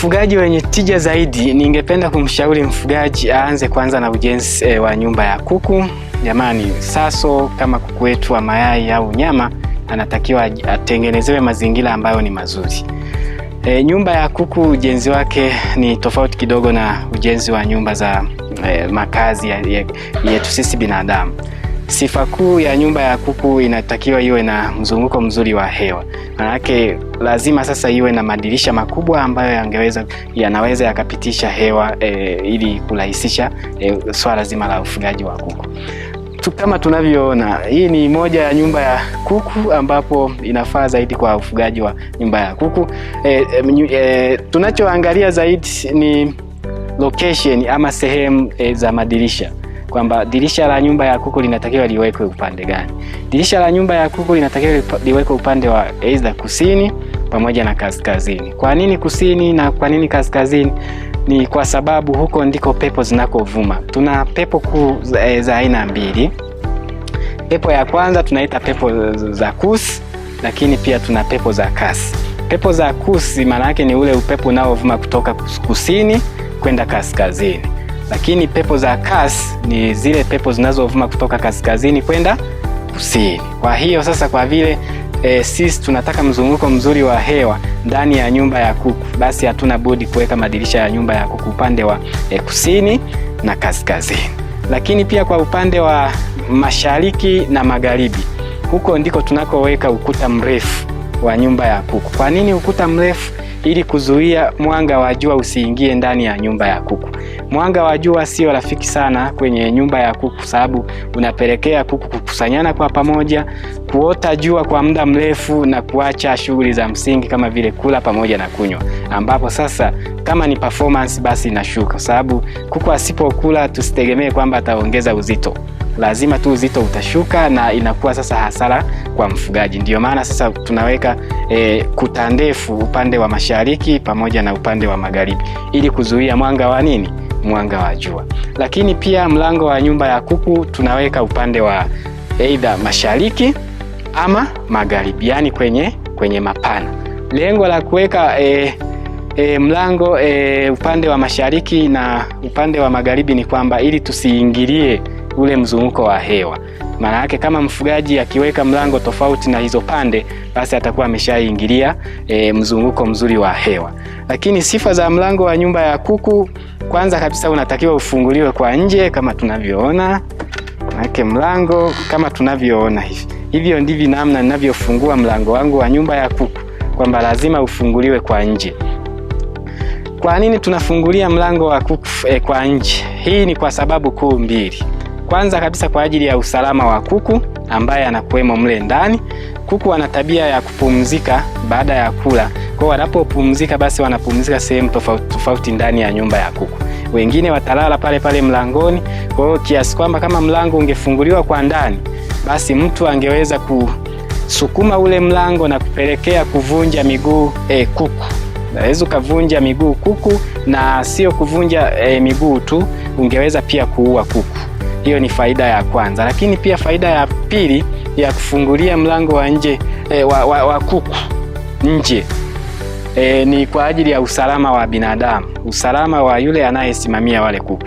ufugaji wenye tija zaidi, ningependa kumshauri mfugaji aanze kwanza na ujenzi e, wa nyumba ya kuku. Jamani, Saso kama kuku wetu wa mayai au nyama anatakiwa atengenezewe mazingira ambayo ni mazuri. E, nyumba ya kuku ujenzi wake ni tofauti kidogo na ujenzi wa nyumba za e, makazi yetu sisi binadamu. Sifa kuu ya nyumba ya kuku inatakiwa iwe na mzunguko mzuri wa hewa. Manake lazima sasa iwe na madirisha makubwa ambayo yangeweza yanaweza yakapitisha hewa e, ili kurahisisha e, swala zima la ufugaji wa kuku. Kama tunavyoona hii ni moja ya nyumba ya kuku ambapo inafaa zaidi kwa ufugaji wa nyumba ya kuku. E, e, e tunachoangalia zaidi ni location ama sehemu e, za madirisha kwamba dirisha la nyumba ya kuku linatakiwa liwekwe upande gani. Dirisha la nyumba ya kuku linatakiwa liwekwe upande wa aidha kusini pamoja na kaskazini. Kwa nini kusini na kwa nini kaskazini? Ni kwa sababu huko ndiko pepo zinakovuma. Tuna pepo kuu za eh, aina mbili. Pepo ya kwanza tunaita pepo za kusi, lakini pia tuna pepo za kasi. Pepo za kusi maana yake ni ule upepo unaovuma kutoka kusini kwenda kaskazini lakini pepo za kasi ni zile pepo zinazovuma kutoka kaskazini kwenda kusini. Kwa hiyo sasa, kwa vile e, sisi tunataka mzunguko mzuri wa hewa ndani ya nyumba ya kuku, basi hatuna budi kuweka madirisha ya nyumba ya kuku upande wa e, kusini na kaskazini, lakini pia kwa upande wa mashariki na magharibi, huko ndiko tunakoweka ukuta mrefu wa nyumba ya kuku. Kwa nini ukuta mrefu? ili kuzuia mwanga wa jua usiingie ndani ya nyumba ya kuku. Mwanga wa jua sio rafiki sana kwenye nyumba ya kuku, sababu unapelekea kuku kukusanyana kwa pamoja, kuota jua kwa muda mrefu na kuacha shughuli za msingi kama vile kula pamoja na kunywa, ambapo sasa kama ni performance basi inashuka, sababu kuku asipokula tusitegemee kwamba ataongeza uzito lazima tu uzito utashuka na inakuwa sasa hasara kwa mfugaji. Ndio maana sasa tunaweka e, kuta ndefu upande wa mashariki pamoja na upande wa magharibi ili kuzuia mwanga wa nini, mwanga wa jua. Lakini pia mlango wa nyumba ya kuku tunaweka upande wa aidha mashariki ama magharibi, yani kwenye, kwenye mapana. Lengo la kuweka e, E, mlango e, upande wa mashariki na upande wa magharibi ni kwamba ili tusiingilie ule mzunguko wa hewa. Maana yake kama mfugaji akiweka mlango tofauti na hizo pande, basi atakuwa ameshaingilia e, mzunguko mzuri wa hewa. Lakini sifa za mlango wa nyumba ya kuku, kwanza kabisa unatakiwa ufunguliwe kwa nje kama tunavyoona. Maanake mlango kama tunavyoona hivi, hivyo ndivyo namna ninavyofungua mlango wangu wa nyumba ya kuku, kwamba lazima ufunguliwe kwa nje. Kwa nini tunafungulia mlango wa kuku e, kwa nje? Hii ni kwa sababu kuu mbili. Kwanza kabisa kwa ajili ya usalama wa kuku ambaye anakuwemo mle ndani. Kuku wana tabia ya kupumzika baada ya kula, kwa wanapopumzika basi wanapumzika sehemu tofauti tofauti ndani ya nyumba ya kuku. Wengine watalala pale pale mlangoni, kwa hiyo kiasi kwamba kama mlango ungefunguliwa kwa ndani, basi mtu angeweza kusukuma ule mlango na kupelekea kuvunja miguu eh, kuku naweza ukavunja miguu kuku, na sio kuvunja e, miguu tu, ungeweza pia kuua kuku. Hiyo ni faida ya kwanza, lakini pia faida ya pili ya kufungulia mlango wa nje e, wa, wa, wa kuku nje e, ni kwa ajili ya usalama wa binadamu, usalama wa yule anayesimamia wale kuku.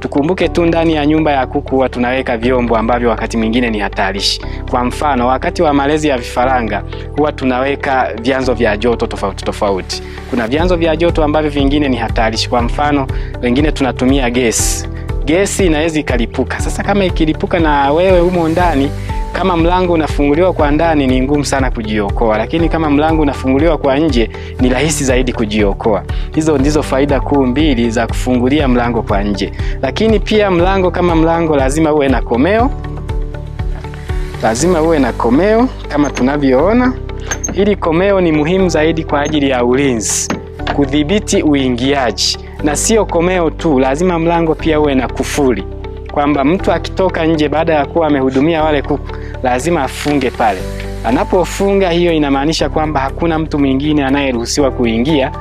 Tukumbuke tu ndani ya nyumba ya kuku huwa tunaweka vyombo ambavyo wakati mwingine ni hatarishi. Kwa mfano, wakati wa malezi ya vifaranga huwa tunaweka vyanzo vya joto tofauti tofauti. Kuna vyanzo vya joto ambavyo vingine ni hatarishi. Kwa mfano, wengine tunatumia gesi gesi inaweza ikalipuka. Sasa kama ikilipuka na wewe humo ndani, kama mlango unafunguliwa kwa ndani, ni ngumu sana kujiokoa, lakini kama mlango unafunguliwa kwa nje, ni rahisi zaidi kujiokoa. Hizo ndizo faida kuu mbili za kufungulia mlango kwa nje. Lakini pia mlango kama mlango lazima uwe na komeo, lazima uwe na komeo kama tunavyoona. Hili komeo ni muhimu zaidi kwa ajili ya ulinzi, kudhibiti uingiaji na sio komeo tu, lazima mlango pia uwe na kufuli, kwamba mtu akitoka nje baada ya kuwa amehudumia wale kuku lazima afunge pale. Anapofunga hiyo inamaanisha kwamba hakuna mtu mwingine anayeruhusiwa kuingia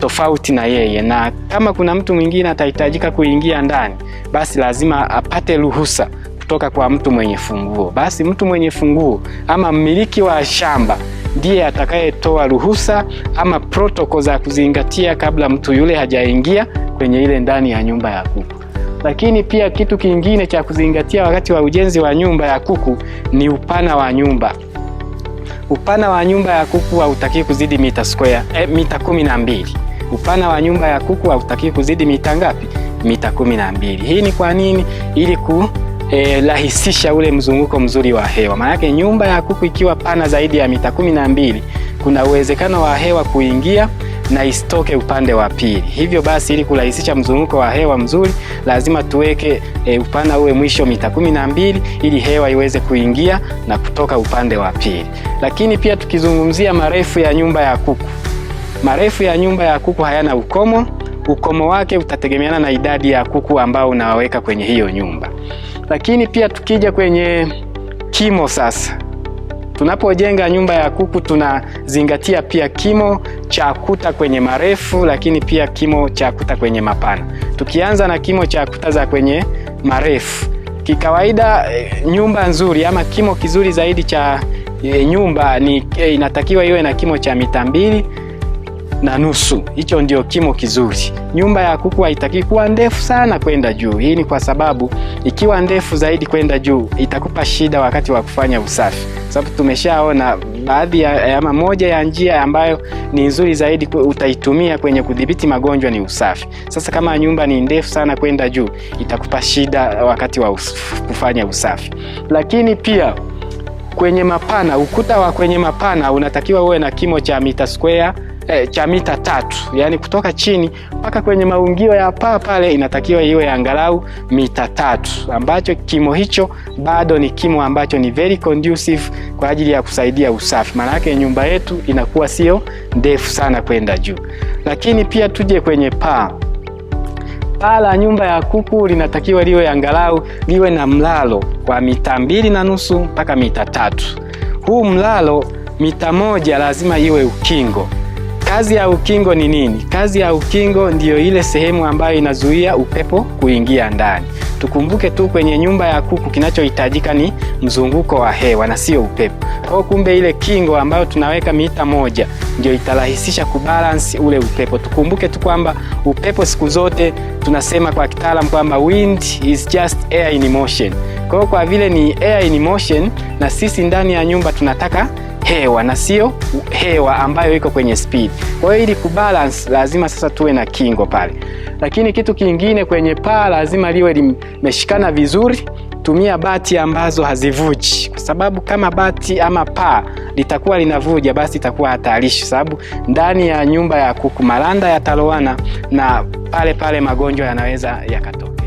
tofauti na yeye, na kama kuna mtu mwingine atahitajika kuingia ndani, basi lazima apate ruhusa kutoka kwa mtu mwenye funguo. Basi mtu mwenye funguo ama mmiliki wa shamba ndiye atakayetoa ruhusa ama protokoli za kuzingatia kabla mtu yule hajaingia kwenye ile ndani ya nyumba ya kuku. Lakini pia kitu kingine cha kuzingatia wakati wa ujenzi wa nyumba ya kuku ni upana wa nyumba. Upana wa nyumba ya kuku hautaki kuzidi mita square, eh, mita kumi na mbili. Upana wa nyumba ya kuku hautaki kuzidi mita ngapi? Mita kumi na mbili. Hii ni kwa nini? Ili ku eh, rahisisha ule mzunguko mzuri wa hewa. Maana yake nyumba ya kuku ikiwa pana zaidi ya mita kumi na mbili kuna uwezekano wa hewa kuingia na isitoke upande wa pili. Hivyo basi, ili kurahisisha mzunguko wa hewa mzuri, lazima tuweke e, upana uwe mwisho mita kumi na mbili ili hewa iweze kuingia na kutoka upande wa pili. Lakini pia tukizungumzia marefu ya nyumba ya kuku, marefu ya nyumba ya kuku hayana ukomo. Ukomo wake utategemeana na idadi ya kuku ambao unawaweka kwenye hiyo nyumba. Lakini pia tukija kwenye kimo sasa, tunapojenga nyumba ya kuku tunazingatia pia kimo cha kuta kwenye marefu, lakini pia kimo cha kuta kwenye mapana. Tukianza na kimo cha kuta za kwenye marefu, kikawaida eh, nyumba nzuri ama kimo kizuri zaidi cha eh, nyumba ni eh, inatakiwa iwe na kimo cha mita mbili na nusu. Hicho ndio kimo kizuri. Nyumba ya kuku haitaki kuwa ndefu sana kwenda juu. Hii ni kwa sababu ikiwa ndefu zaidi kwenda juu itakupa shida wakati wa kufanya usafi, sababu tumeshaona baadhi ya ama moja ya njia ambayo ni nzuri zaidi utaitumia kwenye kudhibiti magonjwa ni usafi. Sasa kama nyumba ni ndefu sana kwenda juu itakupa shida wakati wa kufanya usafi, lakini pia kwenye mapana, ukuta wa kwenye mapana unatakiwa uwe na kimo cha mita square eh, cha mita tatu, yani kutoka chini mpaka kwenye maungio ya paa pale inatakiwa iwe angalau mita tatu, ambacho kimo hicho bado ni kimo ambacho ni very conducive kwa ajili ya kusaidia usafi. Maana yake nyumba yetu inakuwa sio ndefu sana kwenda juu. Lakini pia tuje kwenye paa paa la nyumba ya kuku linatakiwa liwe angalau liwe na mlalo wa mita mbili na nusu mpaka mita tatu. Huu mlalo mita moja lazima iwe ukingo, Kazi ya ukingo ni nini? Kazi ya ukingo ndiyo ile sehemu ambayo inazuia upepo kuingia ndani. Tukumbuke tu kwenye nyumba ya kuku kinachohitajika ni mzunguko wa hewa na sio upepo. Kwa kumbe ile kingo ambayo tunaweka mita moja ndio itarahisisha kubalance ule upepo. Tukumbuke tu kwamba upepo siku zote tunasema kwa kitaalam kwamba wind is just air in motion. Kwa hiyo kwa vile ni air in motion na sisi ndani ya nyumba tunataka hewa na sio hewa ambayo iko kwenye speed. Kwa hiyo ili kubalance lazima sasa tuwe na kingo pale, lakini kitu kingine kwenye paa lazima liwe limeshikana vizuri. Tumia bati ambazo hazivuji, kwa sababu kama bati ama paa litakuwa linavuja, basi itakuwa hatarishi, sababu ndani ya nyumba ya kuku maranda yatalowana na pale pale magonjwa yanaweza yakatoka.